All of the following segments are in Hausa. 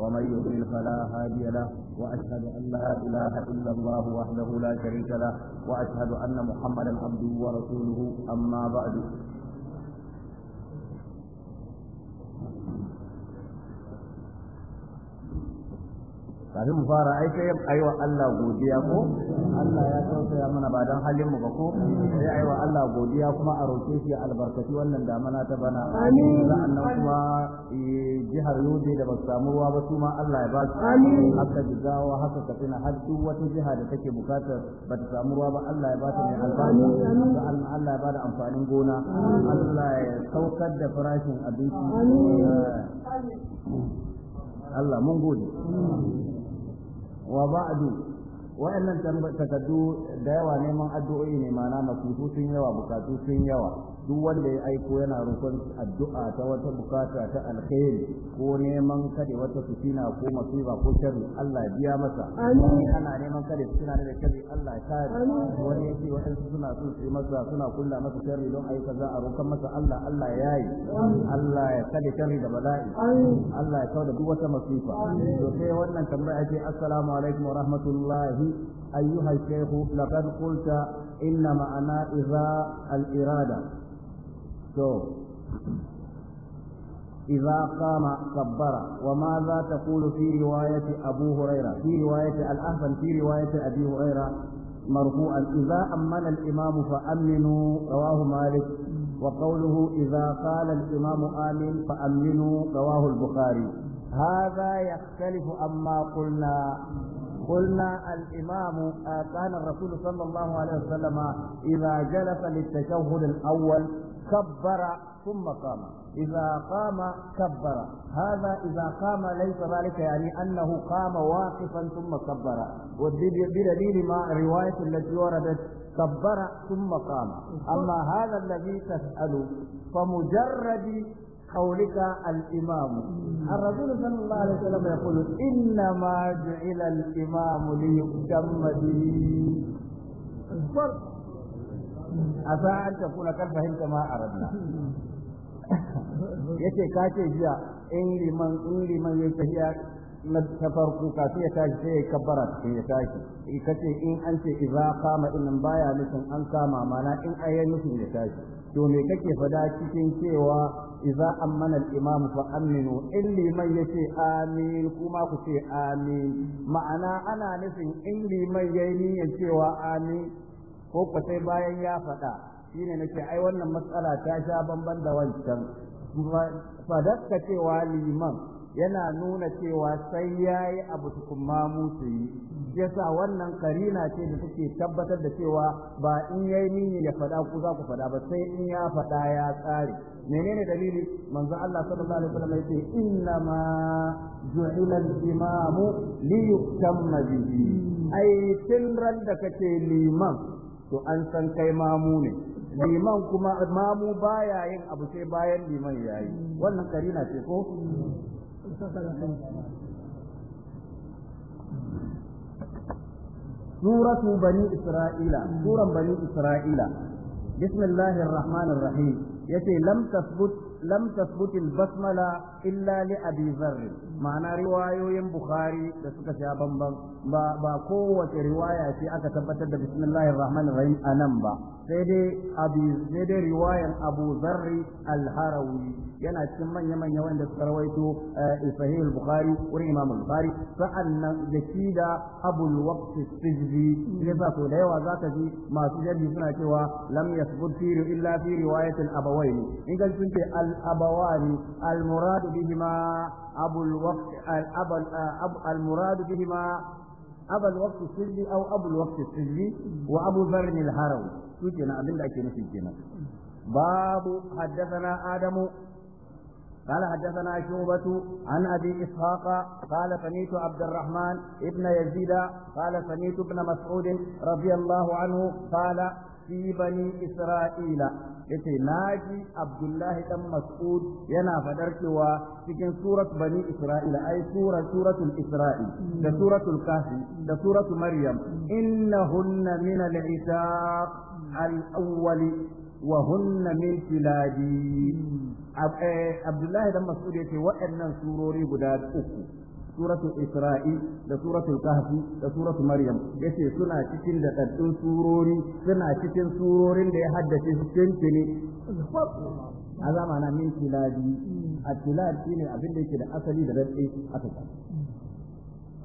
ومن يضلل فلا هادي له واشهد ان لا اله الا الله وحده لا شريك له واشهد ان محمدا عبده ورسوله اما بعد kafin mu fara ai sai aiwa Allah godiya ko Allah ya tausaya mana ba dan halin mu ba ko sai aiwa Allah godiya kuma a roke shi albarkaci wannan mana ta bana amin kuma eh, jihar Yobe da ba samu ruwa ba su ma Allah ya ba su amin haka jigawa haka har duk wata jiha da take bukatar ba ta samu ruwa ba Allah ya ba ta mai Allah ya ba da amfanin gona Allah ya saukar da farashin abinci eh. Allah mun gode wa ba'du wa'annan takaddu da yawa neman addu'o'i ne ma'ana masifu sun yawa bukatu sun yawa duk wanda ya aiko yana roƙon addu'a ta wata bukata ta alkhairi ko neman kada wata fitina ko masifa ko sharri Allah ya biya masa amin ana neman kada fitina da sharri Allah ya kare wani yace wadansu suna so su masa suna kulla masa sharri don ayi kaza a roƙon masa Allah Allah ya yi Allah ya kada sharri da bala'i Allah ya kauda duk wata masifa to sai wannan tambaya ce assalamu alaikum wa rahmatullahi ayyuha shaykhu laqad qulta إن معنى إذا الإرادة to إذا قام كبر وماذا تقول في رواية أبو هريرة في رواية الأحسن في رواية أبي هريرة مرفوعا إذا أمن الإمام فأمنوا رواه مالك وقوله إذا قال الإمام آمن فأمنوا رواه البخاري هذا يختلف عما قلنا قلنا الإمام كان الرسول صلى الله عليه وسلم إذا جلس للتشهد الأول كبر ثم قام إذا قام كبر هذا إذا قام ليس ذلك يعني أنه قام واقفا ثم كبر وبدليل ما رواية التي وردت كبر ثم قام أما هذا الذي تسأل فمجرد قولك الإمام الرسول صلى الله عليه وسلم يقول إنما جعل الإمام ليؤتم به asa an kuna kan fahimta ma rabna yace ka ce jiya in liman in liman ya na ta farko kafin ya tashi sai ya kabbara sai ya tashi ka ce in an ce idza kama in baya nufin an kama mana in ayi nufin ya tashi to me kake fada cikin cewa idza ammana al-imam fa aminu in liman yace amin kuma ku ce amin ma'ana ana nufin in liman yayi niyyar cewa amin ko ko sai bayan ya faɗa shi shine nake ai wannan matsala ta sha bamban da wancan fadakka cewa liman yana nuna cewa sai ya yi abu tukunma musu yi yasa wannan karina ce da suke tabbatar da cewa ba in ya yi nini ya faɗa ku za ku faɗa ba sai in ya faɗa ya tsare menene dalili manzo Allah sallallahu alaihi wasallam yace inna ma ju'ila al-imamu li bihi ai tin da kake liman to an san kai mamu ne liman kuma mamu baya yin abu sai bayan liman yayi wannan karina ce ko suratu bani isra'ila suran bani isra'ila bismillahir rahmanir rahim yace lam tasbut lam tasbuti basmala illa li abi zarr ma'ana riwayoyin bukhari da suka sha bamban ba kowace riwaya ce aka tabbatar da bismillahir rahmanir rahim nan ba sai dai abi riwayan abu zarr alharawi. yana cikin manya manya wanda suka rawaito eh, sahih al-bukhari wurin imam al-bukhari sa'annan da shi da abul waqt sijzi yasa to da yawa zaka ji masu jarhi suna cewa lam yasbut fi illa fi riwayat al-abawayn in ga sun ce al-abawani al-murad bihima abul waqt eh, al-murad bihima أبا الوقت السلبي أو أبو الوقت السلبي وأبو ذر الهروي سجن أبن أكي نسجن باب حدثنا آدم قال حدثنا شعبة عن أبي إسحاق قال سميت عبد الرحمن ابن يزيد قال سميت ابن مسعود رضي الله عنه قال في بني إسرائيل yace naji Abdullahi dan Mas'ud yana fadar cewa cikin surat bani Isra'ila ai sura suratul Isra'i da suratul Kahfi da suratul Maryam innahunna min al-itaq al-awwali wa hunna min kiladi Abdullahi dan Mas'ud yace waɗannan surori guda uku suratul Isra'i da suratul Kahfi da suratul Maryam yace suna cikin da surori suna cikin surorin da ya haddace su tintini azama na min kiladi a kilad shine abin da yake da asali da rantsi aka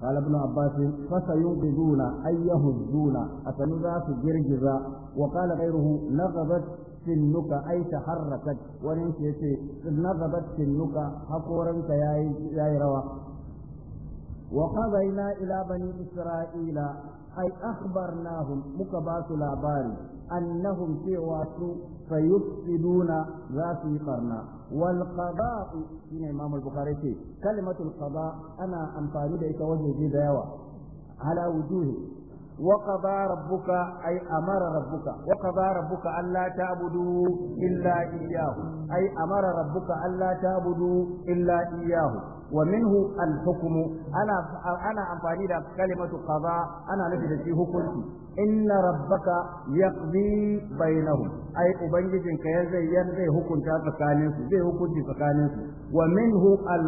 قال ابن عباس فسينقذون أي يهزون أفنذا جرجزا وقال غيره نغبت سنك أي تحركت وننسي نغبت سنك حقورا يا روى وقضينا إلى بني إسرائيل ai akhbarnahum muka ba su labari annahum cewa su fayufsiduna za su yi ɓarna wal qada'u shine imam al ce kalimatul qada ana amfani da ita waje da yawa ala wujuhi وقضى ربك أي أمر ربك وقضى ربك ألا تعبدوا إلا إياه أي أمر ربك ألا تعبدوا إلا إياه ومنه الحكم انا انا امفاني da kalimatu qaza ana nufi da shi hukunci inna ai ubangijin ka yanzu zai hukunta tsakanin su wa minhu al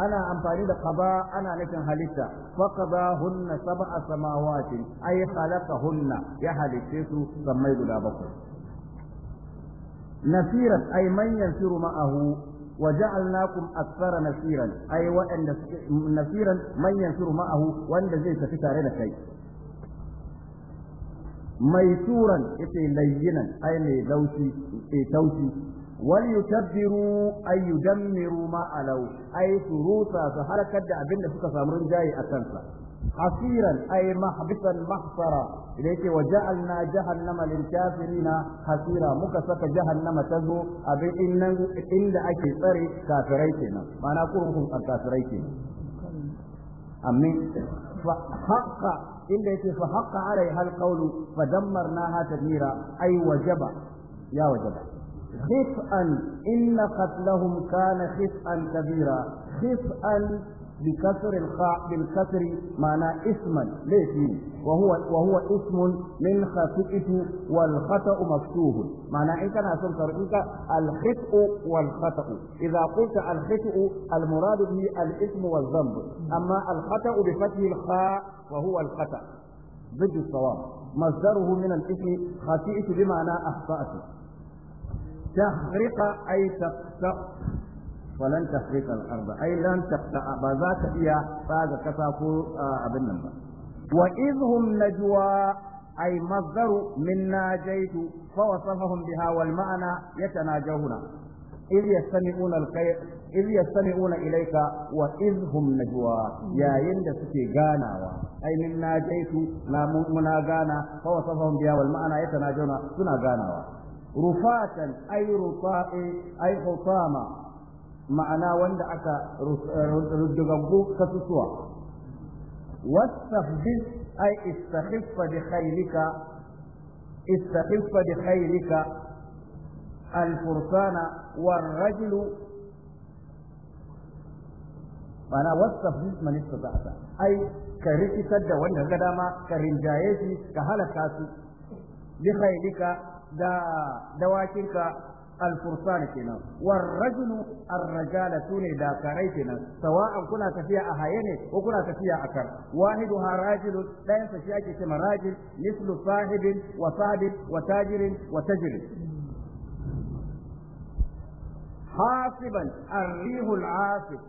ana amfani da qaba ana nufin halitta fa qadahunna sab'a samawati ay khalaqahunna ya halitte su sammai guda bakwai nasirat ay man yansiru ma'ahu وجعلناكم أكثر نفيرا أي وأن نفيرا wanda zai tafi tare da kai. Mai turan yace layyinan ai mai laushi mai taushi وليتبروا أي يدمروا ما علوا أي سروسا سهلك الدعبين لسكة سامرين جاي أكنسا حصيرا أي محبسا محصرا إليك وجعلنا جهنم للكافرين حصيرا مكسك جهنم تزو أبي إن إن أكي صري كافريتنا ما نقولكم الكافريتنا أمين فحق إلا يتي فحق عليها القول فدمرناها تدميرا أي وجب يا وجب خفءا إن قتلهم كان خفءا كبيرا خفءا بكسر الخاء بالكسر معنى اسما ليس وهو وهو اسم من خطئه والخطأ مفتوح معنى انت إيه كان أسمك الخطأ والخطأ إذا قلت الخطأ المراد به الاسم والذنب أما الخطأ بفتح الخاء وهو الخطأ ضد الصواب مصدره من الاسم خطئت بمعنى أخطأت تخرق أي تقطع ولن تخرق الأرض أي لن تقطع بذات إياه فهذا كفاكو آه، أبن نمبر وإذ هم نجوى أي مصدر من ناجيت فوصفهم بها والمعنى يتناجون إذ يستمعون الخير إذ يستمعون إليك وإذ هم نجوى يا يند سكي غانا أي من ناجيت لا منا غانا فوصفهم بها والمعنى يتناجون سنا غانا rufatan ay ruta'i ay hutama ma'ana wanda aka rudugaggu eh, kasusuwa wastafdil ay istakhiffa bi khaylika istakhiffa bi khaylika الفرسان والرجل ma'ana wasafin man istata'ta ai ka rikitar da wanda ga dama ka rinjaye ka halaka su bi da dawakinka alfursan kenan war rajulu ar-rajala sune da karai kenan sawa'an kuna tafiya a haye ne ko kuna tafiya a kar wahidu harajilu dayan sa shi ake cewa rajil mislu sahibin wa sadid wa tajirin wa tajirin hasiban ar-rihul asif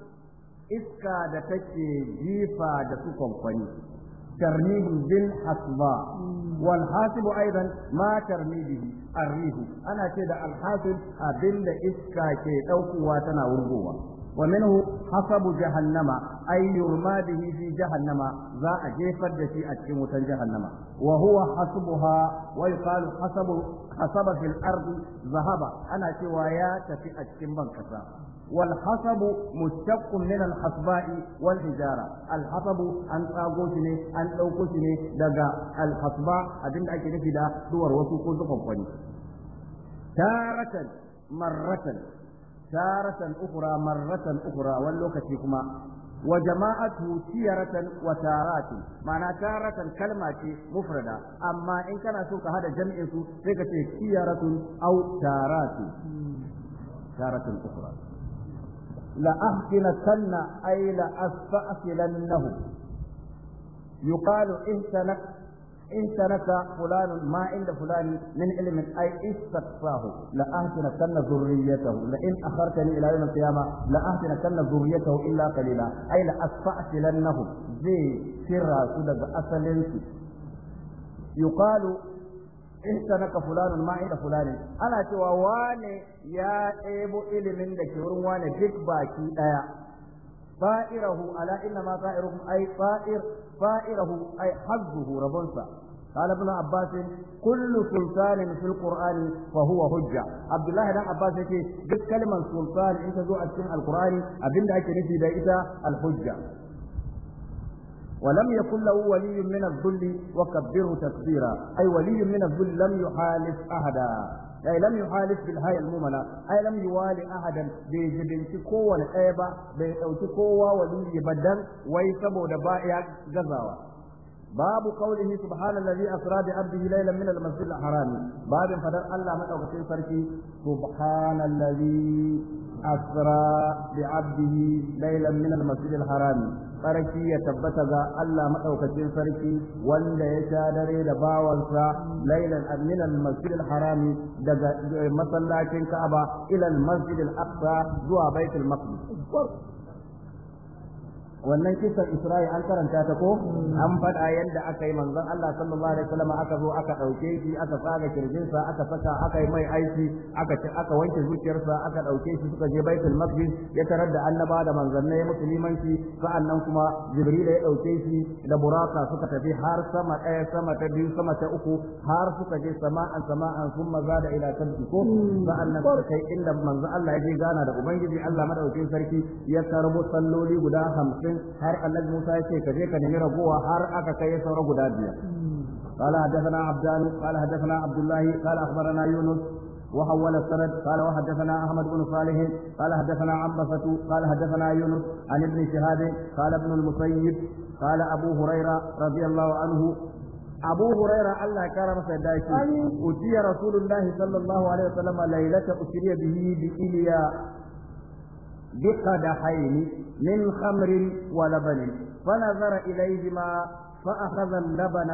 iska da take jifa da su kwankwani ترميم بالحصباء والحاسب أيضا ما ترمي به الريح أنا كده الحاسب أبن إسكا كي أوكوا تناورقوا ومنه حصب جهنم أي يرمى به في جهنم ذا أجيفت في أتشموتا جهنم وهو حسبها ويقال حسب حسب في الأرض ذهب أنا سوايا في أتشمبا كذا والحصب مشتق من الحصباء والحجارة الحصب أن تاغوشني أن تاغوشني دقا الحصباء أبين أكي نفي دا دور وسوق زقفني تارة مرة تارة أخرى مرة أخرى واللوكة كما وجماعته سيرة وتارات معنى تارة كلمة مفردة أما إن كان سوك هذا جمع فكرة سيرة أو تارات تارة أخرى لأحسنتن أي لأستأصلنه يقال اهتنك اهتنك فلان ما عند فلان من علم أي استقصاه لأهتنكن ذريته لئن أخرتني إلى يوم القيامة لأهتنكن ذريته إلا قليلا أي لأستأصلنه زي سر سدد أصلنك يقال In ihsanaka fulanun ma inda fulani ana cewa wane ya ɗebo ilimin da ke wurin wane duk baki ɗaya fa'irahu ala inna ma fa'iruhu ai fa'ir fa'irahu ay hazzuhu rabunsa قال ابن عباس كل سلطان في القرآن فهو حجة عبد الله بن عباس يكي دك كلمة سلطان انت زوء القرآن أبن دا نفي دا الحجة ولم يكن له ولي من الذل وكبره تكبيرا أي ولي من الذل لم يحالف أحدا أي لم يحالف بالهاي المؤمنة أي لم يوالي أحدا بجبنت قوة الأيبة بأوت قوة ولي بدن ويسبو دبائع جزاوة باب قوله سبحان الذي أسرى بعبده ليلا من المسجد الحرام باب فدر الله مدعو في سبحان الذي أسرى بعبده ليلا من المسجد harami sarki ya tabbata ga Allah madaukakin sarki wanda ya sha dare da bawansa lailan min al-masjid harami daga masallacin Ka'aba ila al aksa al-Aqsa zuwa baitul maqdis wannan kisan Isra'i an karanta ta ko an faɗa yadda aka yi manzon Allah sallallahu alaihi wasallam aka zo aka ɗauke shi aka tsaga sa aka saka aka yi mai aiki aka ci aka wanke zuciyarsa aka ɗauke shi suka je Baitul Maqdis ya tarar da annaba da manzannai ya musu limanci sa'annan kuma Jibril ya ɗauke shi da buraka suka tafi har sama ɗaya sama ta biyu sama ta uku har suka je sama'an sama'an sun maza da ila tabbi ko sa'annan suka kai inda manzon Allah ya je gana da ubangiji Allah madaukakin sarki ya karbo salloli guda hamsin arba'in har annabi Musa ya ce ka je ka nemi ragowa har aka kai saura guda biyar قال حدثنا عبدان قال حدثنا عبد الله قال اخبرنا يونس وحول السند قال وحدثنا احمد بن صالح قال حدثنا عنبسة قال حدثنا يونس عن ابن شهاب قال ابن المسيب قال ابو هريره رضي الله عنه أبو هريرة الله كرم سيدايك أتي رسول الله صلى الله عليه وسلم ليلة أسري به بإليا بقدحين من خمر ولبن فنظر إليهما فأخذ اللبن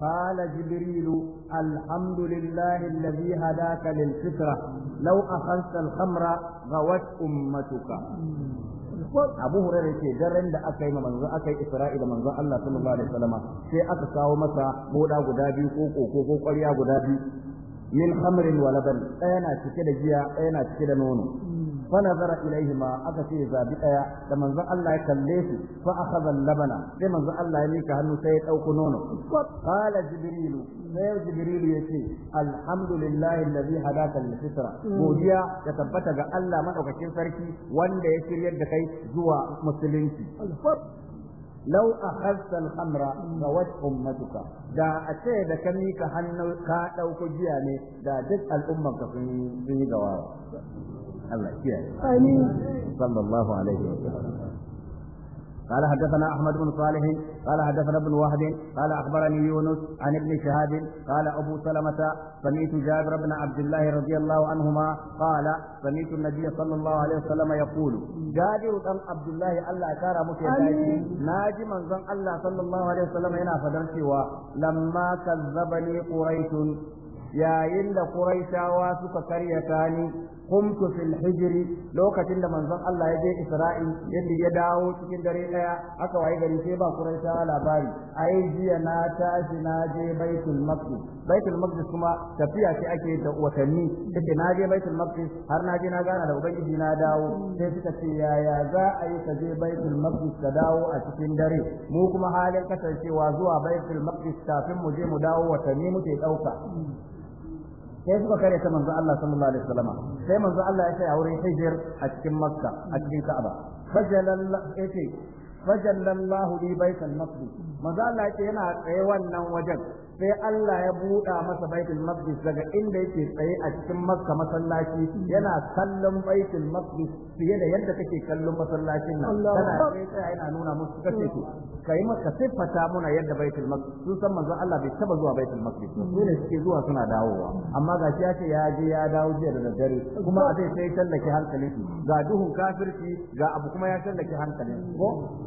قال جبريل الحمد لله الذي هداك للفطرة لو أخذت الخمر غوت أمتك abu hurairar ce daren da aka yi manzo aka yi isra'i da Allah sallallahu alaihi sai aka kawo masa boda guda biyu ko koko ko guda biyu min khamrin wa laban ɗaya na cike da giya ɗaya na cike da nono hmm. fa nazara ilaihima aka ce zabi ɗaya da manzon Allah ya kalle su fa akhadha labana sai manzon Allah ya mika hannu sai ya dauko nono qala jibril sai jibril ya ce alhamdulillahi alladhi hadaka ya fitra hmm. godiya ya tabbata ga Allah madaukakin sarki wanda ya shiryar da kai zuwa musulunci lau akhadta al-khamra gawat ummatuka da a ce da ka hannu ka ɗauka giya ne da duk al'umman ka sun yi amin قال حدثنا أحمد بن صالح قال حدثنا ابن وهب قال أخبرني يونس عن ابن شهاب قال أبو سلمة سمعت جابر بن عبد الله رضي الله عنهما قال سمعت النبي صلى الله عليه وسلم يقول جابر بن عبد الله الله كار مكيدايتي ناجي من زن الله صلى الله عليه وسلم هنا فدرسي لما كذبني قريش yayin da Qurayshawa suka karyata ni قمت في الحجر لو كتن من زن الله يجي إسرائيل يلي يداو تكين دري ايا أكو أي غري سيبا على لاباري أي جي ناتاش ناجي بيت المقدس بيت المقدس كما تفيا في أكي وثني تكي ناجي بيت المقدس هر ناجي ناجانا لو بيجي جي ناداو تكي في يا يا زا أي تجي بيت المقدس تداو أتكين دري موكما حالي كتن شي وازوا بيت المقدس تافم مجي مداو وثني متي توقع sai suka kare ta manzo Allah sallallahu alaihi wasallam sai manzo Allah ya ce aure hijir a cikin makka a cikin ka'aba fajalal yace fajallallahu li baitul maqdis maza yake yana tsaye wannan wajen sai Allah ya buɗa masa baitul maqdis daga inda yake tsaye a cikin makka masallaci yana kallon baitul maqdis fiye da yadda take kallon masallacin nan tana tsaye yana nuna musu kace to kai maka siffata muna yadda baitul maqdis sun san manzo Allah bai taba zuwa baitul maqdis su suke zuwa suna dawowa amma shi ya ce ya je ya dawo jiya da daddare kuma a sai sai tallake hankalin ga duhun kafirci ga abu kuma ya tallake hankalin ko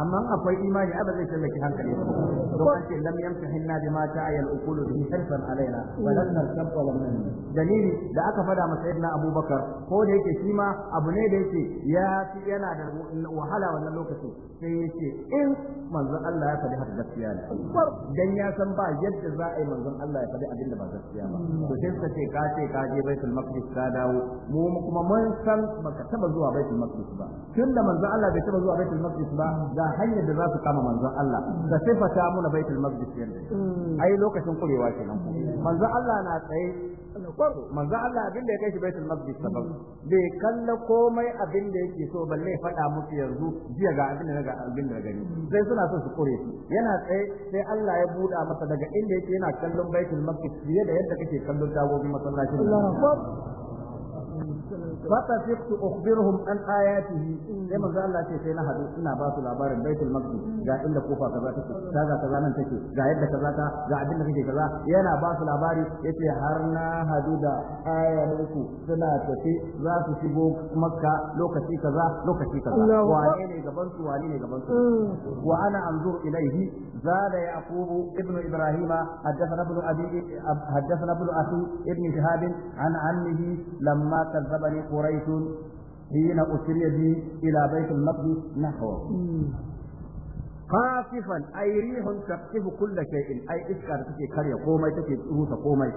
amma akwai imani ba zai tallaki hankali ba to an ce lam yamtahinna bima ta'a al-uqulu bihi harfan alaina wa lam narkab wa lam dalili da aka fada masa sayyidina abubakar ko da yake shi ma abu ne da yake ya fi yana da wahala wannan lokaci sai yace in manzon Allah ya faɗi haka gaskiya ne dan ya san ba yadda za a yi manzon Allah ya faɗi abin da ba gaskiya ba to sai suka ce ka ce ka je baitul maqdis ka dawo mu kuma mun san baka taba zuwa baitul maqdis ba tunda manzon Allah bai taba zuwa baitul maqdis ba ga hanyar da za su kama manzon Allah da sifata muna baitul maqdis mm. ai lokacin kurewa kenan manzon Allah na tsaye manzon Allah abin da ya kai shi baitul maqdis sabab bai kalla komai abin da yake so balle faɗa musu yanzu jiya ga abin da ga abin da gani sai suna so su kure yana tsaye sai Allah ya buɗa masa daga inda yake yana kallon baitul maqdis fiye da yadda kake kallon tagogin masallaci فطفقت أخبرهم عن آياته sai manzo Allah ce sai na hadu ina ba su labarin baitul maqdis ga kofa kaza take kaza kaza nan take ga yadda kaza ta ga abin kake kaza yana ba su labari yace har na hadu da ayyanku suna tafi za su shigo makka lokaci kaza lokaci kaza wane ne gaban ne gaban wa ana anzur ilaihi زاد يعقوب ابن ابراهيم حدثنا ابن ابي حدثنا ابن اخي ابن شهاب عن عمه لما كذبني قريش حين أسري بي إلى بيت المقدس نحوه خاففا أي ريح تقطف كل شيء أي إسكار تكي كريا قومي تكي تهوس قومي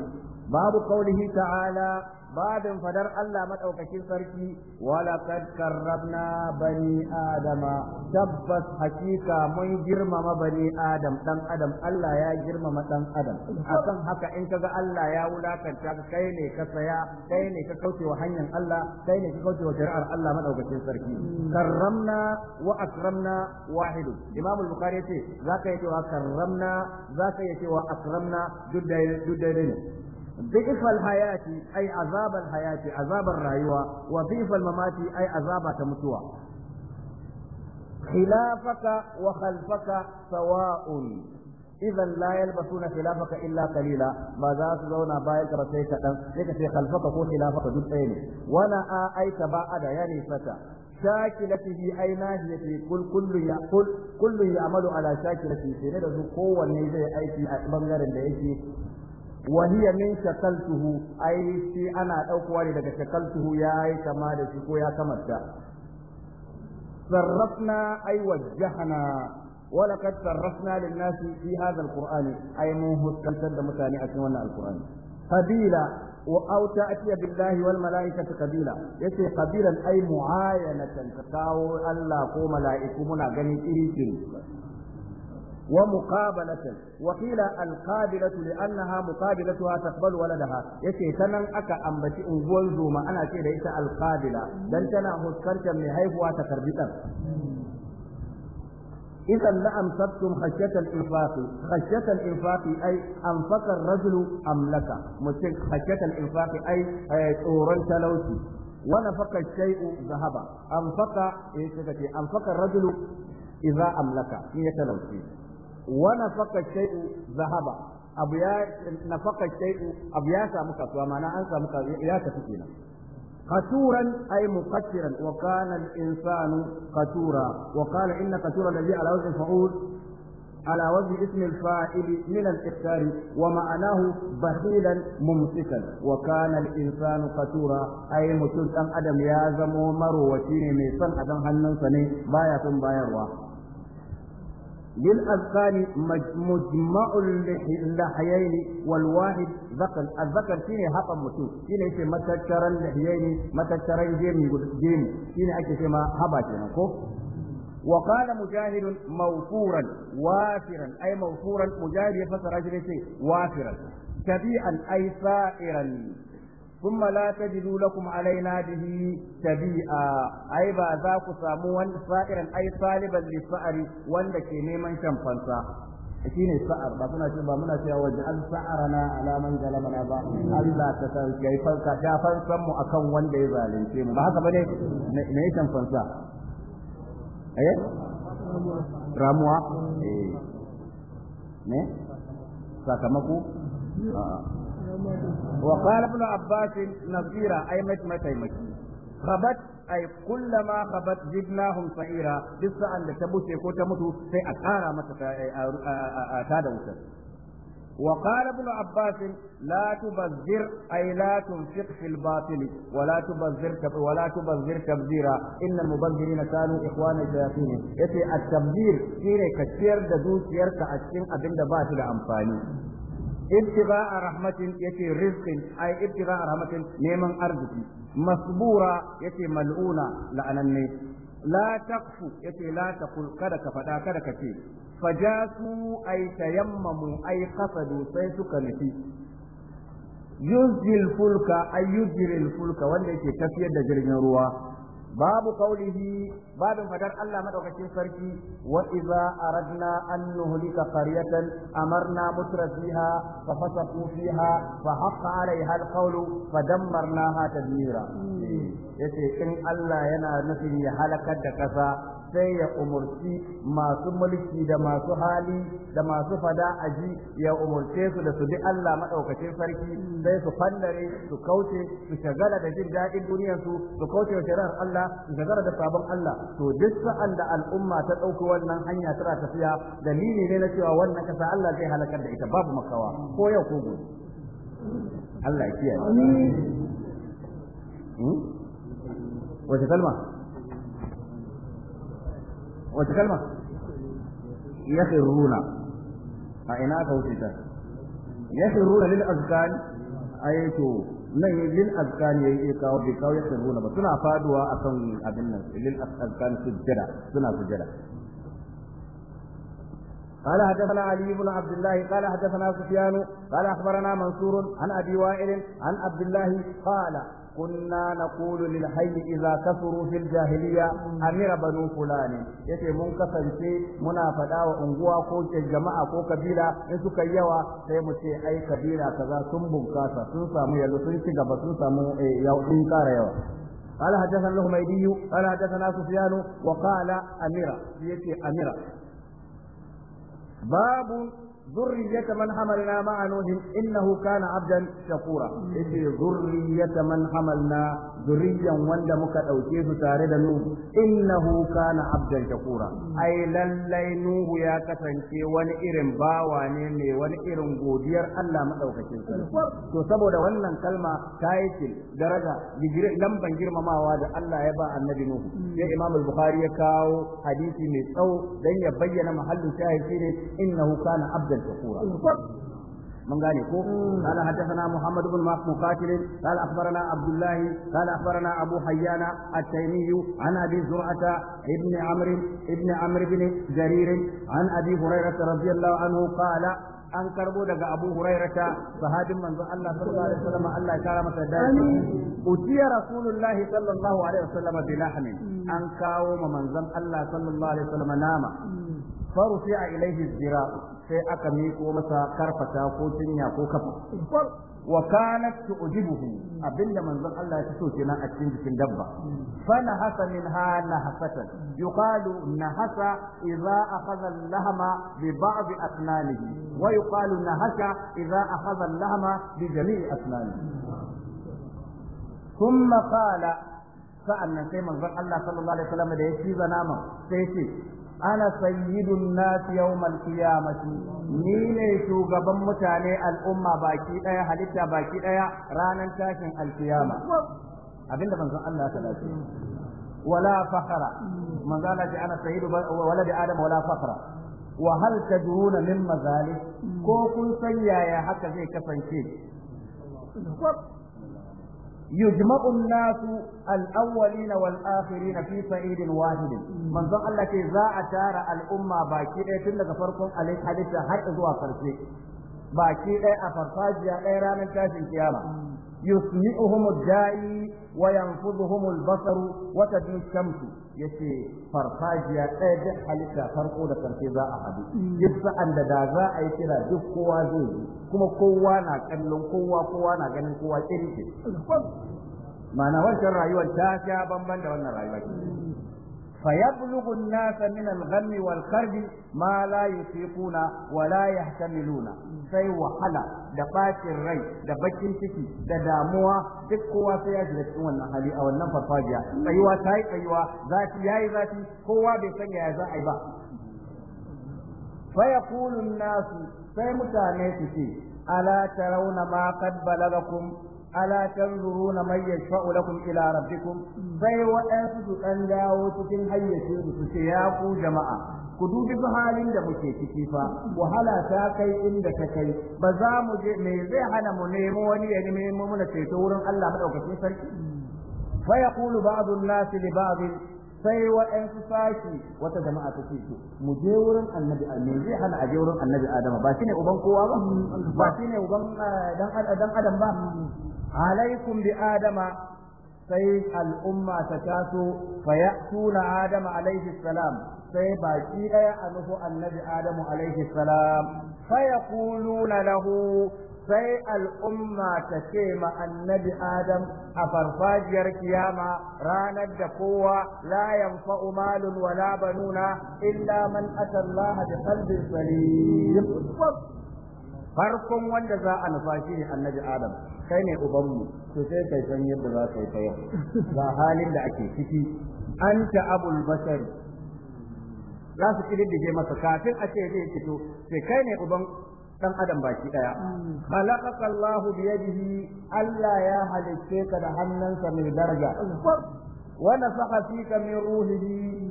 باب قوله تعالى babin fadar Allah maɗaukakin sarki walaqad karramna bani adama tabbas hakika mun girmama bani adam dan adam Allah ya girmama dan adam akan haka in kaga Allah ya wulakanta ka kai ne ka saya kai ne ka kaucewa hanyar Allah kai ne ka kaucewa shari'ar Allah maɗaukakin sarki karramna wa akramna wahidu imam al-bukhari yace zaka yi wa karramna zaka yi cewa akramna duk da duk da ne ضعف الحياة أي عذاب الحياة عذاب الرأيوة وضعف الممات أي عذاب تمتوى خلافك وخلفك سواء إذا لا يلبسون خلافك إلا قليلا ما ذات زونا بايك رسيك لك في خلفك هو خلافك جزئين ولا آيك بعد يعني فتا شاكلته أي ناهيته كل كل يأكل كل يعمل على شاكلته سنة ذو قوة أي في أكبر غير وهي من شكلته أي شيء أنا أقوى لك شكلته يا أي كما دشكو يا كما صرفنا أي وجهنا ولقد صرفنا للناس في هذا القرآن أي منه كنت متانعة وانا القرآن قبيلة أو تأتي بالله والملائكة قبيلة يسي قبيلا أي معاينة تكاو ألا قوم ملائكمنا غني إيه ومقابلة وقيل القابلة لأنها مقابلتها تقبل ولدها يسي تنن أكا أمبتي أنقول زوما أنا كده إيسا القابلة دان تنا هسكرت من هيفوا تكربتا إذا لأمسكتم خشية الإنفاق خشية الإنفاق أي أنفق الرجل أملك خشية الإنفاق أي أوران تلوتي ونفق الشيء ذهبا أنفق إيه أنفق الرجل إذا أملك هي تلوتي wa nafaka shay'u zahaba abu ya nafaka shay'u abu ya samu kasuwa ma'ana an samu ya tafi kenan قتورا أي مقترا وكان الإنسان قتورا وقال إن قتورا الذي على وزن فعول على وزن اسم الفاعل من الإختار ومعناه بخيلا ممسكا وكان الإنسان قتورا أي متلسا أدم يازم ومر وشيني ميسان أدم هنن سنين باية بايروا للأذقان مجمع اللحيين والواحد ذكر الذكر شيني هقا متو شيني يسي متكرا اللحيين متكرا جيمي جيمي شيني أكي سيما هبا كو وقال مجاهد موفورا وافرا أي موفورا مجاهد يفسر رجل وافرا شبيعا أي سائرا ثم لا تجدوا لكم علينا به تبيئا أي بذاك ساموان سائرا أي طالبا للسعر وانك نيمان شمفنسا shine sa'ar ba suna ce ba muna cewa waje an sa'arana ala man zalamana ba Allah ta san yayi fanka ya fansan mu akan wanda ya zalunce mu ba haka bane ne ya fansa eh? ramuwa ne eh. sakamako وقال ابن عباس نظيرا أي متمتي خبت أي كلما خبت زدناهم سعيرا بسا أن تبوسي كو تموتوا في أكارا متى وقال ابن عباس لا تبذر أي لا تنفق في الباطل ولا تبذر ولا تبذر تبذيرا إن المبذرين كانوا إخوان الشياطين يتي التبذير كيري كثير دوس يركع الشمع بند باطل أمفاني ابتغاء رحمة يتي رزق أي ابتغاء رحمة نيمن أرزق مصبورة يتي ملؤونة لعن الناس لا تقف يتي لا تقول كذا كفدا كذا كتي فجاسوا أي تيمموا أي قصدوا سيسك نتي يزجي الفلك أي يزجي الفلك ولا تفيد جرين روا باب قوله babin fadar Allah madaukakin sarki wa idza aradna an nuhlika qaryatan amarna mutra fiha fa fasaqu fiha fa haqqa alaiha alqawlu yace in Allah yana nufin ya halakar da kasa sai ya umurci masu mulki da masu hali da masu fada aji ya umurce su da su bi Allah maɗaukacin sarki sai su fandare su kauce su shagala da jin daɗin duniyarsu, su su kauce wa shari'ar Allah su shagala da sabon Allah to duk sa'an da al'umma ta ɗauki wannan hanya tana tafiya dalili ne na cewa wannan kasa Allah zai halakar da ita babu makawa ko yau ko gobe Allah ya kiyaye hmm? wace kalma wace kalma ya runa? a ina aka wuce ta ya runa lil azkan ayatu nan lil azkani yayi kawo bi kawo yake nuna ba suna faduwa akan abin nan lil azkani sujjada suna sujjada قال حدثنا علي بن عبد الله قال حدثنا سفيان قال اخبرنا منصور عن ابي وائل عن عبد الله قال كنا نقول للحي إذا كثروا في الجاهلية أمير بنو فلان يتي من شيء في فدا وأنقوا كوك الجماعة كو كبيرة إنسو كيوا سيمتي أي كبيرة كذا سنبن كاسا سنسا مو ميلو سنسا بسنسا مو يوحين كاريوا قال حدثنا الهميدي قال حدثنا سفيان وقال أميرة يتي أميرة باب ذريه من حملنا مع نوح انه كان عبدا شكورا ايه ذريه من حملنا ذريه وندا muka ɗauke su tare da nuh انه كان عبدا شكورا اي لالاي نوح يا kasance wani irin bawa ne mai wani irin godiyar Allah madaukakin sa to saboda wannan kalma ta title daraja digiri lambar girmamawa da Allah ya ba annabi Nuhu. Sai imam al-bukhari ya kawo hadisi mai tsawo, don ya bayyana mahallin shahidi in innahu kana abda hamdan shakura من قال قال حدثنا محمد بن مقاتل قال اخبرنا عبد الله قال اخبرنا ابو حيان التيمي عن ابي زرعه ابن عمرو ابن عمرو بن جرير عن ابي هريره رضي الله عنه قال an karbo daga Abu Hurairata sahabin manzo Allah sallallahu alaihi wasallam Allah ya kara masa dace utiya rasulullahi sallallahu alaihi wasallam bi lahmin an kawo ma manzon Allah sallallahu alaihi wasallam nama Faru sai a ilaihi zira sai aka miko masa karfata ko cinya ko kafa wa kanat tu'jibuhu abinda manzon Allah ya so kenan a cikin jikin dabba fana hasa na nahasatan yuqalu na nahasa idza akhadha al-lahma bi ba'd asnanihi wa yuqalu na nahasa idza akhadha al-lahma bi jami' asnanihi thumma qala sa'annan sai manzon Allah sallallahu alaihi wasallam da ya ci zanama sai ya ana sayyidun nasi yawmal qiyamati ni ne shugaban mutane al'umma baki daya halitta baki daya ranan tashin alkiyama abinda manzon Allah ta dace wala fakhra manzo Allah ji ana sayyidu waladi adam wala fakhra wa hal tadruna min mazalik ko kun san yaya haka zai kasance يجمع الناس الأولين والآخرين في صعيد واحد من ظن الله إذا أتار الأمة باكي إيه فرقم عليه حديث حتى ذو باكي إيه أفرقاج يا إيران كاشن كياما يسمعهم الداعي وينفذهم البصر وتدنو الشمس yace farfajiya ɗaya duk halitta farko da karshe za a hadu duk sa'an da da za a yi kira duk kowa zai yi kuma kowa na kallon kowa kowa na ganin kowa ce, ma'ana wancan rayuwar ta sha bamban da wannan rayuwar فيبلغ الناس من الغم والكرب ما لا يطيقون ولا يحتملون sai wahala da bacin rai da bakin ciki da damuwa duk kowa sai ya shiga cikin wannan hali a wannan farfajiya tsayuwa ta yi tsayuwa zafi ya yi zafi kowa bai san ya za a yi ba kulun nasu sai mutane su ce ala tarawna ma qad balagakum ala tanzuruna man yashfa'u lakum ila rabbikum sai waɗansu su ɗan dawo cikin hayyace su ce ya ku jama'a ku dubi halin da muke ciki fa wahala ta kai inda ta kai ba za mu je me zai hana mu nemo wani ya nemo mana ceto wurin Allah madaukakin sarki fa yaqulu ba'd an-nas li ba'd sai waɗansu sashi wata jama'a ta ce mu je wurin annabi me zai hana a je wurin annabi adama ba shine uban kowa ba ba shine uban dan adam ba alaikum bi adama sai al'umma ta taso fa ya'tuna adama alaihi salam sai baki daya a annabi adamu alaihi salam fa yaquluna lahu sai al'umma ta ce ma annabi Adam a farfajiyar kiyama ranar da kowa la yanfa'u malun wala banuna illa man ata Allah bi qalbin salim farkon wanda za a nufa shi ne annabi adam kai ne ubanmu to sai kai san yadda za ka yi ta yau ga halin da ake ciki An ta abul bashar za su kididdige masa kafin a ce zai fito sai kai ne uban dan adam baki daya khalaqaka Allah bi yadihi Allah ya halicce ka da hannunsa mai daraja wa nafakha fika min ruhihi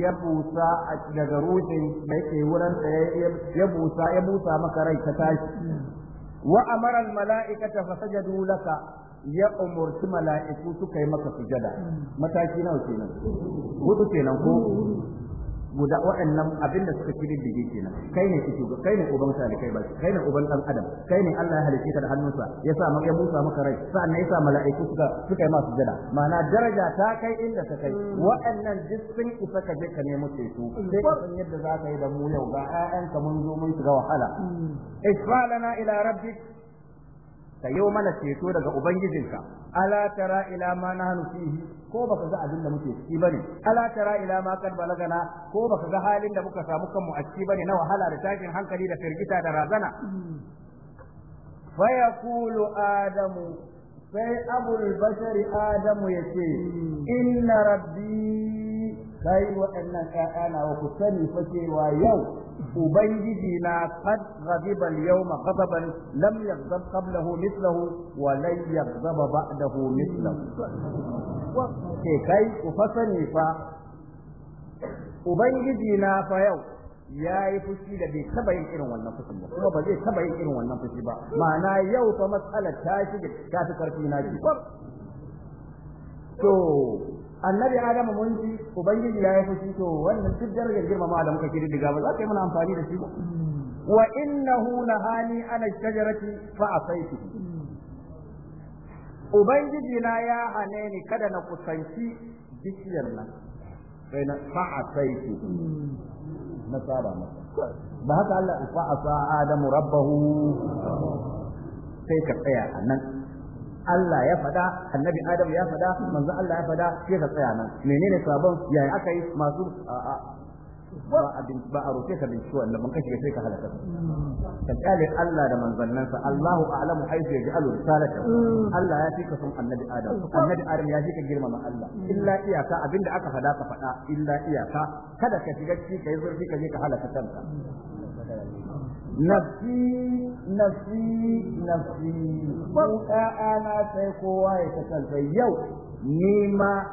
ya busa daga rushin da yake wurin ya busa ya busa maka rai ka tashi wa amara almalaikata fasajadu laka ya umurci mala'iku suka yi maka sujada hmm. mataki nawa kenan hudu kenan ko guda waɗannan abin da suka kididdige kenan kai ne kike kai ne uban kai ba kai ne uban dan adam kai ne Allah ya halice ka da hannunsa ya sa maka busa maka rai ya sa mala'iku suka suka yi masu jada ma'ana daraja ta kai inda ta kai hmm. waɗannan duk sun isa ka je ka nemo ceto hmm. sai ka san yadda za ka yi da mu yau ga ƴaƴanka mun zo mun shiga wahala hmm. isfalana ila rabbik ka yau mana ceto daga ubangijinka ala tara ila ma nahnu fihi ko baka ga abin da muke ciki bane ala tara ila ma kad balagana ko baka ga halin da muka samu kanmu a ciki bane na wahala da tashin hankali da firgita da razana fa yaqulu adamu sai abul bashari adamu yace inna rabbi kai annaka ana wa kusani sani ce wa yau ubangiji na kad ghadiba al-yawma ghadaban lam yaghdab qablahu mithluhu wa lan yaghdab ba'dahu wa ke kai ku fasani fa ubangiji na fa yau ya yi fushi da bai taba yin irin wannan fushi ba kuma ba zai taba yin irin wannan fushi ba ma'ana yau fa matsalar ta shi ta fi karfi na ji to annabi adam mun ji ubangiji ya yi fushi to wannan duk darajar girmama da muka kididdiga ba za ka yi mana amfani da shi ba wa innahu lahani ala shajarati fa asaitu ubangiji na ya hane ni kada na kusanci bishiyar nan sai na fa asaitu na saba masa ba haka Allah fa asa adamu rabbahu sai ka tsaya a nan Allah ya fada annabi Adam ya fada manzo Allah ya fada sai ka tsaya nan menene sabon yaya aka yi masu ba a roƙe ka bincike wannan ban kashe sai ka halaka ka kale Allah da manzannansa Allahu a'lamu haythu yaj'alu risalatahu Allah ya fika sun annabi Adam annabi Adam ya fika girmama Allah illa iyaka abinda aka fada ka fada illa iyaka kada ka shiga ciki kai zurfi ka je ka halaka kanka nafsi nafsi nafsi kuka ana sai kowa ya kasance yau nema ma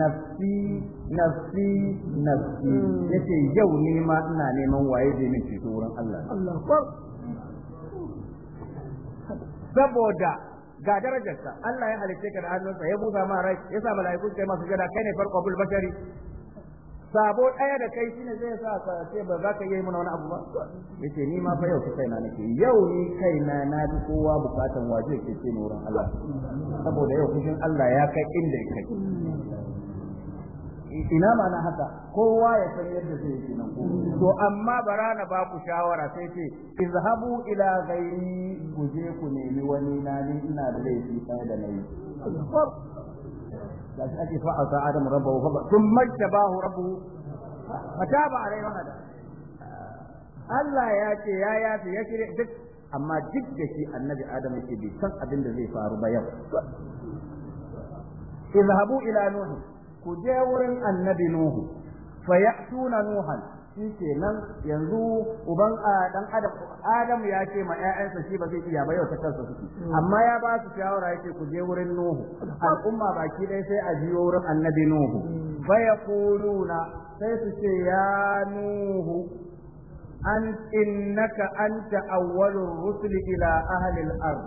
nafsi nafsi nafsi yace yau ni ma ina neman waye zai min ceto wurin Allah saboda ga darajarsa Allah ya halice ka da hannunsa ya busa ma ya sa mala'iku kai masu jada kai ne farko bul bashari sabo ɗaya da kai shine zai sa ka ce ba za ka yi mana wani abu ba yace ni ma fa yau kai na nake yau ni kai na na bi kowa bukatan waje ke ce wurin Allah saboda yau kishin Allah ya kai inda ya kai ina mana haka kowa ya san yadda zai yi nan to amma bara na ba ku shawara sai ce izhabu ila ghairi ku ku nemi wani na ni ina da laifi ɗaya da nayi da shi ake fa'a ta adam rabbahu fa tun majtabahu rabbuhu fataba alaihi wa Allah ya ce ya yafi ya shirye duk amma duk da shi annabi adam yake bai san abin da zai faru ba yau izhabu ila nuhu ku je wurin annabi nuhu fayatuna nuhan shi nan yanzu uban dan adam adam ya ce ma ƴaƴansa shi ba zai iya ba yau ta kansa suke amma ya ba su shawara yake ku je wurin nuhu al'umma baki ɗaya sai a jiyo wurin annabi nuhu fa yaquluna sai su ce ya nuhu an innaka anta awwalur rusul ila ahli al-ard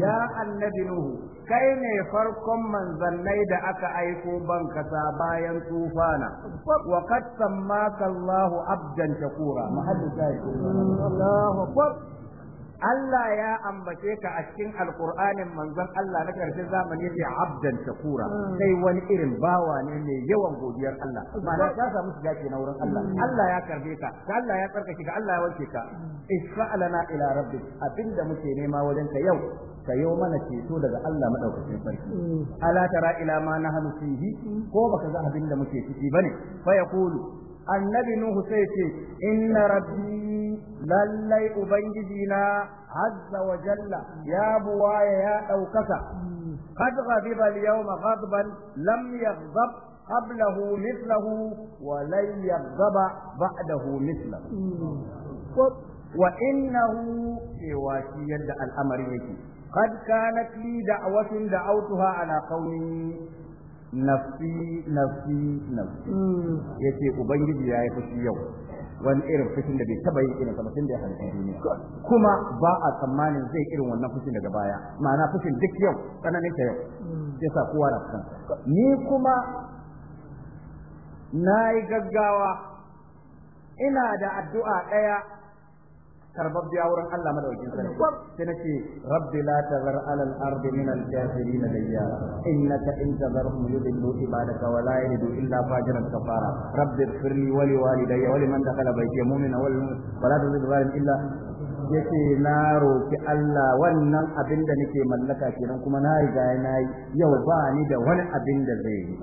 ya annabi nuhu kai ne farkon manzannai da aka aiko ban kasa bayan tufana wa qad sammaka allah abdan shakura mahallu Allah ya ambace ka a cikin alkur'anin manzon Allah na karshen zamani ya abdan shakura sai hmm. wani irin bawa ne mai yawan godiyar Allah hmm. ma'ana ka samu shiga ke na wurin Allah hmm. Allah ya karbe ka Allah ya tsarkake ka Allah ya wanke ka isfa'alana ila rabbik abinda muke nema wajen ka yau ka yo mana ceto daga Allah madaukakin sarki ala tara ila ma nahnu fihi ko baka ga abinda muke ciki bane fa yaqulu annabi nuhu sai ce inna rabbi lallai ubangiji na azza wa jalla ya buwaya ya daukaka qad ghadiba al yawma ghadban lam yaghdab qablahu mithlahu wa lan yaghdaba ba'dahu mithlahu wa innahu yawati yadda al amri yake da kanat li da'watin da'awtuha ala qawmi nafsi nafsi nafsi hmm. yace ubangiji ya yi fushi yau wani irin fushin da bai taba yi irin sabatin da ya halitta duniya kuma ba a tsammanin zai irin wannan fushin daga baya ma'ana fushin duk yau tsananin ta yau yasa hmm. kowa na fushin. ni kuma na yi gaggawa ina da addu'a ɗaya biya wurin Allah madaukakin sarki sai nace rabbi la tazar ala al-ard min al-kafirin layya innaka in tazarhum yudillu ibadaka wa la yalidu illa fajiran kafara rabbi ighfirli wa li walidayya wa liman dakhala baytiya mu'mina wal wa la tazid zalim illa yace na roki Allah wannan abin da nake mallaka kenan kuma na riga na yi yau ba ni da wani abin da zai yi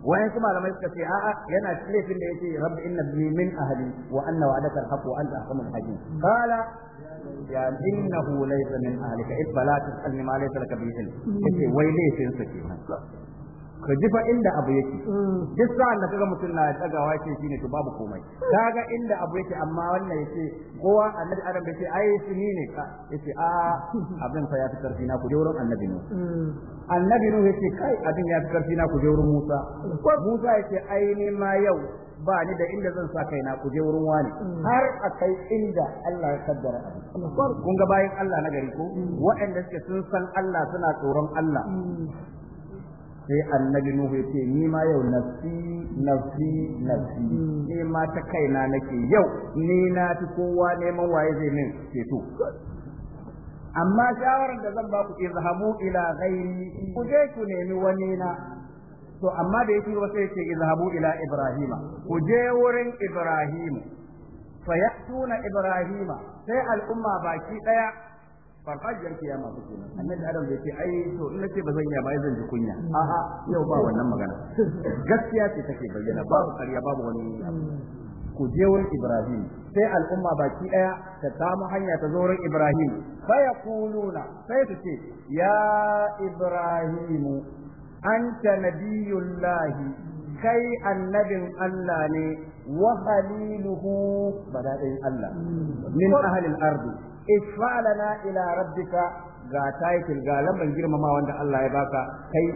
wayan kuma malamai suka ce a'a yana laifin da yake rabbi inna bi min ahli wa anna wa'adaka al-haqq wa anta ahkamul hakim qala ya innahu laysa min ahlika ibla tasalni ma laysa laka bihi yace wai laifinsa sa kenan ka ji fa inda abu yake mm. duk sa'an da kaga mutum na tsagawa yake shine to babu komai kaga inda abu yake amma wannan yace kowa annabi adam yace ai shi ni ne ka yace a abin fa ya fi karfi na ku je wurin annabi ne mm. annabi ne yace kai abin ya fi karfi na ku je wurin Musa Musa yace ai ne ma yau ba ni da inda zan sa kaina ku je wurin wani mm. har a kai inda Allah ya kaddara abu kun ga bayan Allah na gari ko waɗanda suke sun san Allah suna tsoron Allah sai annabi nuhu ya ce ni ma yau nafsi nafsi nafsi ni ma ta kaina nake yau ni na fi kowa neman waye zai min ceto amma shawarar da zan ba ku izhamu ila ghairi ku je ku nemi wani na to amma da yake sai ce izhabu ila ibrahima ku je wurin ibrahima fa ya'tuna ibrahima sai al'umma baki daya farfajiyar kiyama ku kenan annabi adam bai ce ai to in nace ba zan iya ba zan ji kunya a'a yau ba wannan magana gaskiya ce take bayyana babu ƙarya babu wani ku je wurin Ibrahim sai al'umma baki daya ta samu hanya ta zo wurin Ibrahim fa yaquluna sai su ce ya Ibrahim anta nabiyullahi kai annabin Allah ne wa khaliluhu bada Allah hmm. min ahli al-ardh isfa'lana ila rabbika ga title ga lamban girmama wanda Allah ya baka kai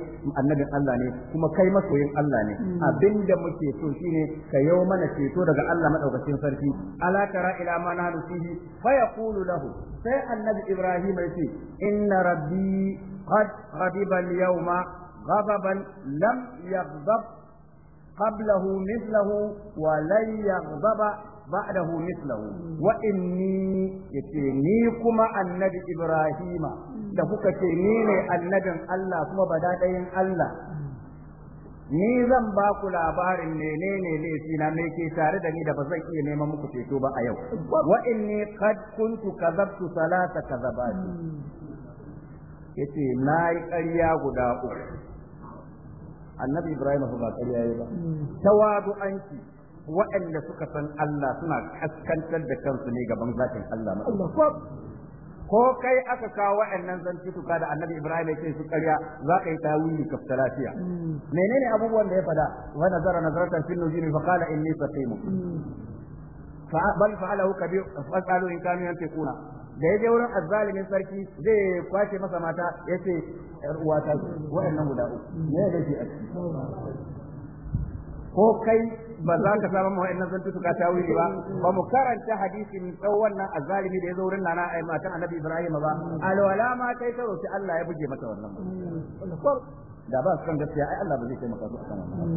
annabin Allah ne kuma kai masoyin Allah ne hmm. abinda muke so shine ka yau mana ceto daga Allah madaukakin sarki ala tara ila ma nahnu fihi fa yaqulu lahu sai annabi Ibrahim yace inna rabbi qad ghadiba al-yawma غضبا لم يغضب قبله مثله ولن يغضب بعده مثله وإني يتيني كما النبي إبراهيم لفك تيني النبي الله ثم بدأين الله ni zan ba ku labarin menene na me ke tare da ni da ba zan iya neman muku ceto ba a yau wa inni qad kuntu kadabtu salata kadabati yace na yi ƙarya guda uku annabi ibrahim ba ƙarya yayi ba hmm. tawadu anki waɗanda suka san Allah suna kaskantar da kansu ne gaban zakin Allah ko kai aka kawo waɗannan zantuka da annabi Ibrahim ya ce su karya za ka yi tawili ka fita lafiya hmm. menene abubuwan da ya fada wa nazara nazaratan fil nujumi fa qala inni saqim hmm. bal fa'alahu kabir fasalu in kanu yantiquna da ya je wurin azzalimin sarki zai kwace masa mata ya ce uwata waɗannan guda uku me ya a ciki hmm. ko kai ba za ka samu wa'annan zantu suka tawili ba ba mu karanta hadisi hadisin tsawon nan azalimi da ya zo wurin nana ai matan annabi ibrahim ba alwala ma kai ta roki Allah ya buge mata wannan da ba su kan gaskiya ai Allah ba zai taimaka su akan wannan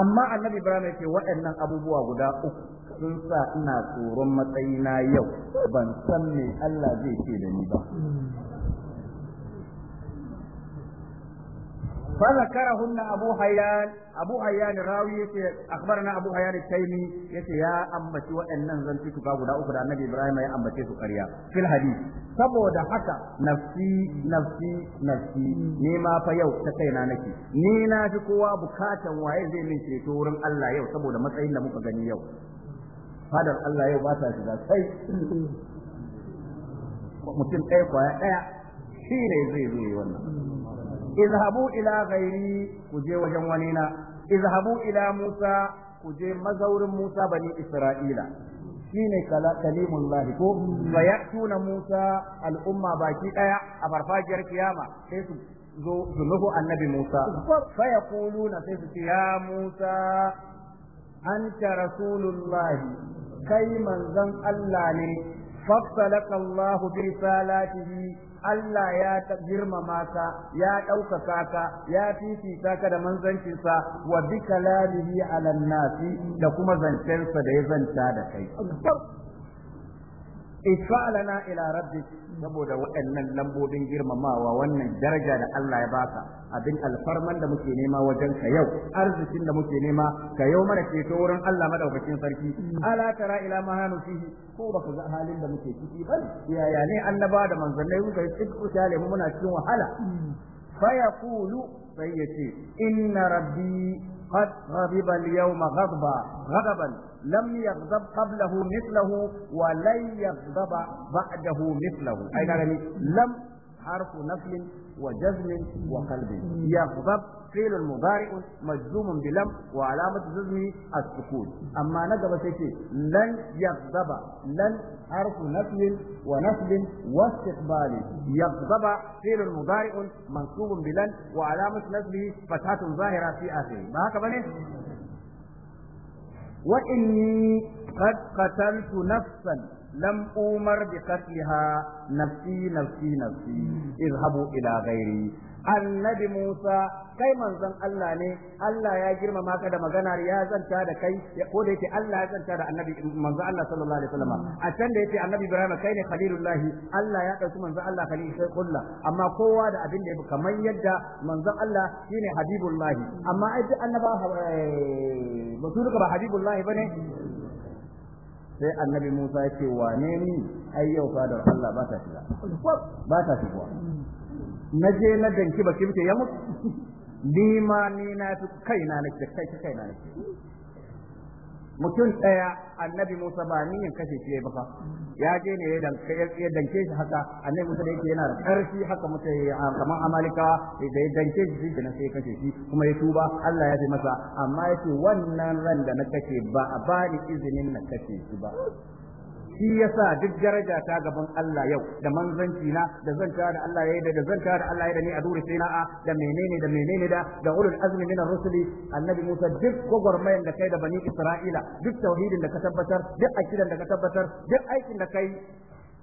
amma annabi ibrahim yake waɗannan abubuwa guda uku sun sa ina tsoron matsayina yau ban san me Allah zai ce da ni ba فذكرهن أبو حيان أبو حيان راوي أخبرنا أبو حيان التيمي يتي يا أمتي وإن ننزل في تقابل أخرى النبي إبراهيم يا أمتي سكريا في الحديث saboda haka nafsi nafsi nafsi ni ma fa yau ta kaina nake ni na fi kowa bukatan waye zai min ceto wurin Allah yau saboda matsayin da muka gani yau fadar Allah yau ba ta shiga sai mutum ɗaya kwaya ɗaya shi ne zai zo wannan izhabu ila ghairi ku je wajen wani na izhabu ila Musa ku je mazaurin Musa bani Isra'ila shine kalimullah ko fa yatuna Musa al'umma baki daya a farfajiyar kiyama sai su zo su annabi Musa fa yaquluna sai su ya Musa anta rasulullahi kai manzon Allah ne فافتلك الله برسالاته Allah ya girmama ka ya ɗaukaka ka ya fifita ka da manzancinsa wa bi kalamihi alan da kuma zancensa da ya zanta da kai ifalana ila rabbi saboda waɗannan lambobin girmamawa wannan daraja da Allah ya baka abin alfarman da muke nema wajen ka yau arzikin da muke nema ka yau mana ceto wurin Allah madaukakin sarki ala tara ila ma hanu fihi ko baka ga halin da muke ciki ba yaya ne annaba da manzannai kuka yi cikin lemu? muna cikin wahala fa yaqulu sai yace inna rabbi قد غضب اليوم غضبا غضبا لم يغضب قبله مثله ولن يغضب بعده مثله أي نعم، لم حرف نفل وجزم وقلب يغضب فعل مضارع مجزوم بلم وعلامة جزمه السكون أما نجب شيء لن يغضب لن حرف نسل ونسل واستقبال يغضب فعل مضارع منصوب بلن وعلامة نسله فتحة ظاهرة في آخره ما هكذا وإني قد قتلت نفسا lam umar bi qatliha nafsi nafsi nafsi izhabu ila ghairi annabi Musa kai manzon Allah ne Allah ya girmama ka da maganar ya zanta da kai ko da yake Allah ya zanta da annabi manzon Allah sallallahu alaihi wasallam a can da yake annabi Ibrahim kai ne khalilullahi Allah ya dauki manzon Allah khalil sai kullu amma kowa da abin da yake kamar yadda manzon Allah shine habibullahi amma ai duk annaba ba su duka ba habibullahi bane sai annabi Musa ya ce wane ni ai yau fadar Allah ba ta shiga ba ta shiga na je na danki bakin ya mutu ni ma ni na fi kaina nake kai kaina nake mutum ɗaya annabi Musa ba niyan kashe shi ba fa ya je ne ya danke shi haka annabi Musa da yake yana da ƙarfi haka mutum kamar amalika da ya danke shi shi sai kashe shi kuma ya tuba Allah ya fi masa amma ya ce wannan ran da na kashe ba a ba ni izinin na kashe shi ba shi yasa duk daraja ta gaban Allah yau da manzanci na da zanta da Allah yayi da zanta da Allah yayi da ni a duri sai na'a da menene da menene da da ulul azmi min ar-rusuli annabi Musa duk gwagwarmayan da kai da bani Isra'ila duk tauhidin da ka tabbatar duk aikin da ka tabbatar duk aikin da kai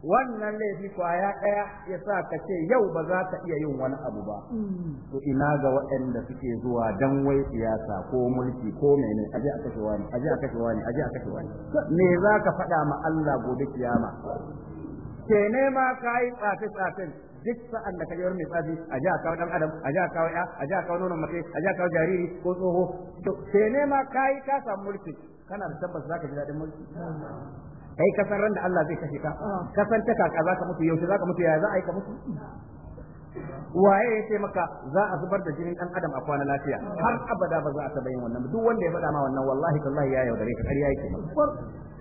wannan laifi kwaya ɗaya ya sa ka ce yau ba za ka iya yin wani abu ba mm. to ina ga waɗanda suke zuwa dan wai siyasa ko mulki ko mene aje a kashe wani aje a kashe wani aje a kashe wani me za ka faɗa ma Allah gobe kiyama ke nema yi tsafe tsafen duk sa'an da ka kaje mai tsafi a ji a kawo ɗan adam a ji a kawo ya a ji a kawo nonon mace a ji a kawo jariri ko tsoho ke nema kayi ka samu mulki kana da tabbas za ka ji daɗin mulki mm. kai ka san ran da Allah zai kashe ka ka san ta kaka za ka mutu yaushe za ka mutu yaya za a yi ka mutu waye ya ce maka za a zubar da jinin dan adam a kwana lafiya har abada ba za a taba yin wannan duk wanda ya faɗa ma wannan wallahi tallahi ya yaudare ka ƙarya yake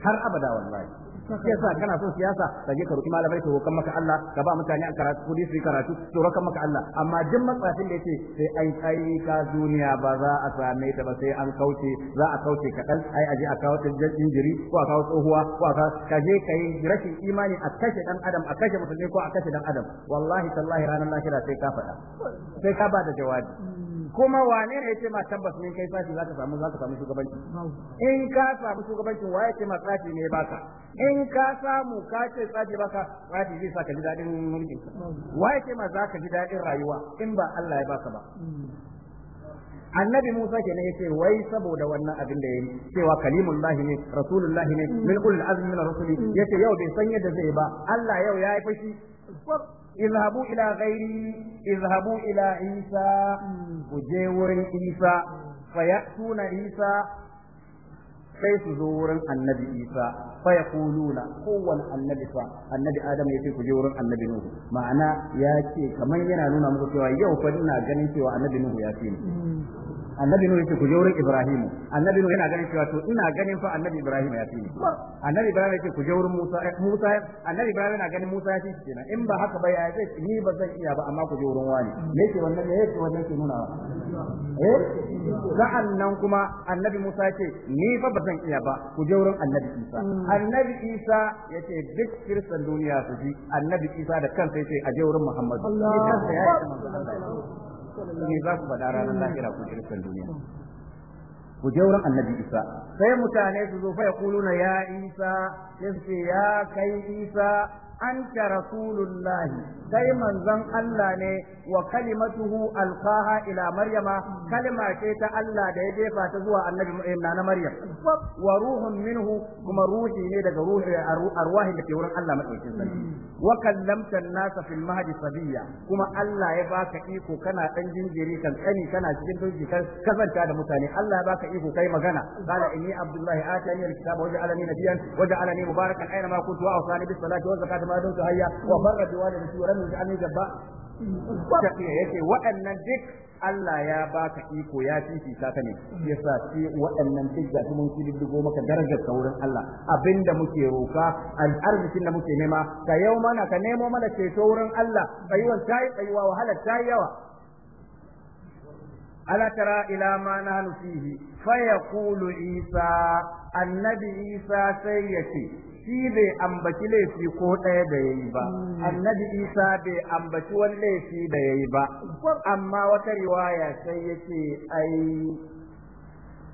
har abada wallahi sai sa kana son siyasa ka je ka roki malamai su rokan maka Allah ka ba mutane a karatu kudi su karatu su rokan maka Allah amma jin matsafin da yake sai ai ai ka duniya ba za a same ta ba sai an kauce za a kauce kaɗan ai aje a kawo ta injiri ko a kawo tsohuwa ko a ka je kai rashin imani a kashe dan adam a kashe musulmi ko a kashe dan adam wallahi tallahi ranar lahira sai ka fada sai ka ba da jawabi kuma wane ne ce ma tabbas ne kai sashi zaka samu zaka samu shugabanci in ka samu shugabancin waye ce ma tsafi ne baka in ka samu ka ce tsafi baka tsafi zai saka ji dadin mulkin waye ce ma zaka ji dadin rayuwa in ba Allah ya baka ba annabi Musa kenan yace wai saboda wannan abin da yayi cewa kalimullahi ne rasulullahi ne min ulul azmi min rusuli yace yau bai san yadda zai ba Allah yau yayi fashi akbar izhabu ila ghairi izhabu ila isa hmm. ku je wurin isa fayatuna isa sai su zo wurin annabi isa fa ya kuluna kowane annabi fa annabi adam ya ce ku je wurin annabi nuhu ma'ana ya ce kamar yana nuna muku cewa yau fa ina ganin cewa annabi nuhu ya ce ni annabi nuhu yace ku je wurin ibrahim annabi nuhu yana ganin cewa to ina ganin fa annabi ibrahim ya ce fi annabi ibrahim yace ku je wurin musa eh, musa annabi ibrahim yana ganin musa ya fi kenan in ba haka ba ya ce ni ba zan iya ba amma ku je wurin wani me yake wannan me yake wannan ke nuna wa? eh sa'an nan kuma annabi musa yace ni fa ba zan iya ba ku je wurin annabi isa hmm. annabi isa ya ce duk kiristan duniya su ji annabi isa da kansa ya ce a je wurin muhammadu ne za ku faɗa ranar lahira ku kiristan duniya ku je wurin annabi isa sai mutane su zo fa kuluna ya isa sai su ce ya kai isa ta rasulullahi sai manzon Allah ne wa kalimatuhu alqaha ila maryama kalma ce ta Allah da ya jefa ta zuwa annabi eh, na maryam wa ruhun minhu kuma ruhi ne daga ruhi a da ke wurin Allah madaukakin sarki wa kallamta nasa fil mahdi sabiya kuma Allah ya baka iko kana dan jinjiri kan tsani kana cikin kan kasanta da mutane Allah ya baka iko kai magana qala inni abdullahi atani alkitaba wa ja'alani nabiyyan wa ja'alani mubarakan aina ma kuntu wa awsani bis salati wa zakati ma dumtu hayya wa barra bi da yaj'alni yace waɗannan duk Allah ya baka iko ya fifita ka ne yasa shi waɗannan duk ga mun dubo maka darajar ka wurin Allah abinda muke roka arzikin da muke nema ka yau mana ka nemo mana ceto wurin Allah tsayuwar tayi tsayuwa wahalar tayi yawa ala tara ila ma nahnu fihi fa yaqulu isa annabi isa sai yace shi bai ambaci laifi ko ɗaya da ya yi ba hmm. annabi isa bai ambaci wani laifi da ya yi ba amma wata riwaya sai yace ai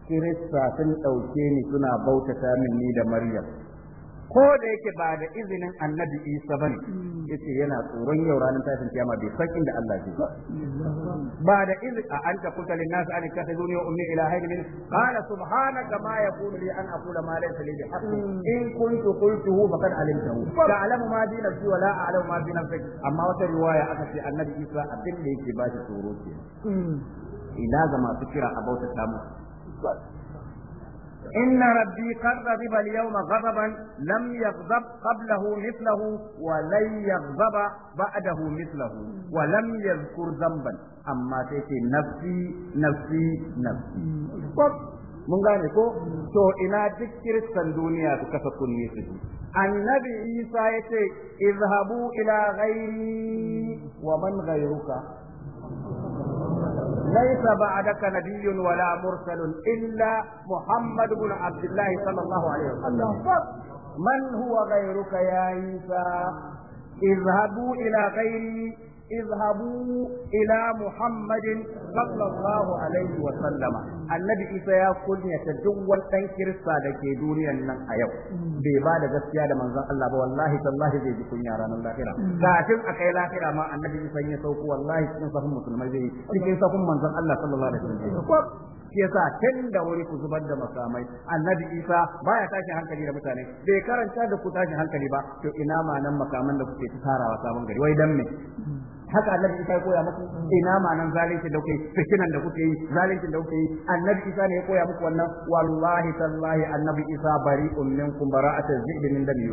kirista sun ɗauke ni suna bautata min ni da maryam ko da yake ba da izinin annabi isa ba hmm. ya ce yana tsoron yau ranar tashin kiyama bai san inda Allah zai ba da izin a anta kuta lin nas an duniya wa ila ilahayn min qala subhanaka ma yakunu li an aqula ma laysa li bi haka. Hmm. in kuntu qultuhu faqad alimtahu hmm. alamu ma bi nafsi wa la'a a'lamu ma bi nafsi amma wata riwaya aka ce annabi isa abin da yake ba shi tsoro ke ina ga masu kira a bauta samu إن ربي قد غضب اليوم غضبا لم يغضب قبله مثله ولن يغضب بعده مثله ولم يذكر ذنبا أما تيتي نفسي نفسي نفسي mun gane ko to ina duk kiristan duniya su kasa kunne su ji annabi isa ya ce izhabu ila ghairi wa man ghairuka ليس بعدك نبي ولا مرسل إلا محمد بن عبد الله صلى الله عليه وسلم من هو غيرك يا عيسى اذهبوا إلى غيري اذهبوا الى محمد صلى الله عليه وسلم النبي isa ya kunya duk wani kirista da ke duniyan nan a yau bai ba da gaskiya da manzon Allah ba wallahi tallahi zai ji kunya ranar lahira kafin a kai lahira ma annabi isa ya sauko wallahi cikin safin musulmai zai cikin safin manzon Allah sallallahu alaihi wasallam shi yasa tun da wuri ku zubar da makamai annabi isa baya tashi hankali da mutane bai karanta da ku tashi hankali ba to ina ma nan makaman da kuke tarawa sabon gari wai dan me haka annabi isa ya koya muku ina ma nan zalunci da kuke fitinan da kuke yi zalunci da kuke yi annabi isa ne ya koya muku wannan wallahi tallahi annabi isa bari'un minkum bara'atan zibin min dami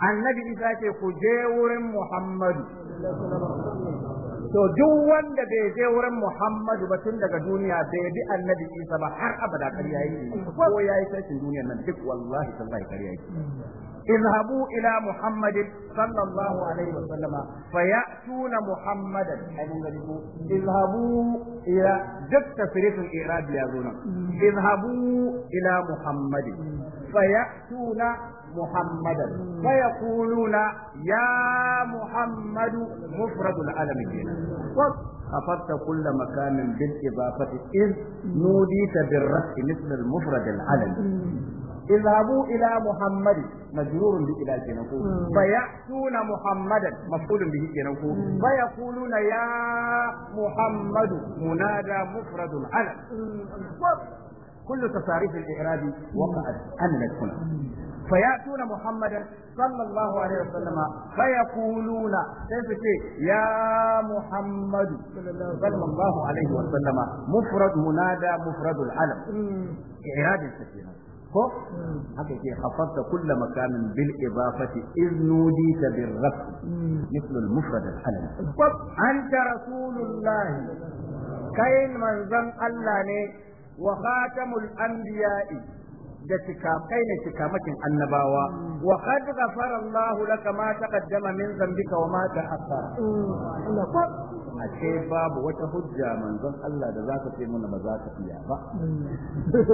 annabi isa ce ku je wurin muhammadu to duk wanda bai je wurin Muhammadu ba tun daga duniya bai bi annabi Isa ba har abada kariya yake ko yayi sarkin duniyar nan duk wallahi tallahi kariya yake اذهبوا الى محمد صلى الله عليه وسلم فياتون محمدا اذهبوا الى دك تفريط الاعراب يا زونا اذهبوا الى محمد فياتون محمدا فيقولون يا محمد مفرد العالمين أخذت كل مكان بالإضافة إذ نوديت بالرفع مثل المفرد العلمي اذهبوا الى محمد مجرور بإلى كنكو فيأتون محمدا مفعول به كنكو فيقولون يا محمد منادى مفرد علم كل تصاريف الإعراب وقعت أمنت هنا فيأتون محمدا صلى الله عليه وسلم فيقولون كيف يا محمد صلى الله عليه وسلم مفرد منادى مفرد العلم إعراب السكينة ko haka yake hafarta kulla makamin bil idafati iz nudita bir raf mithlu al mufrad al alam anta rasulullah kai manzon Allah ne wa khatamul anbiya'i da cika kai ne cikamakin annabawa wa qad ghafara Allah laka ma taqaddama min dhanbika wa ma ta'akhkhara ashe babu wata hujja manzon Allah da zaka ce mana ba za ka iya ba hmm.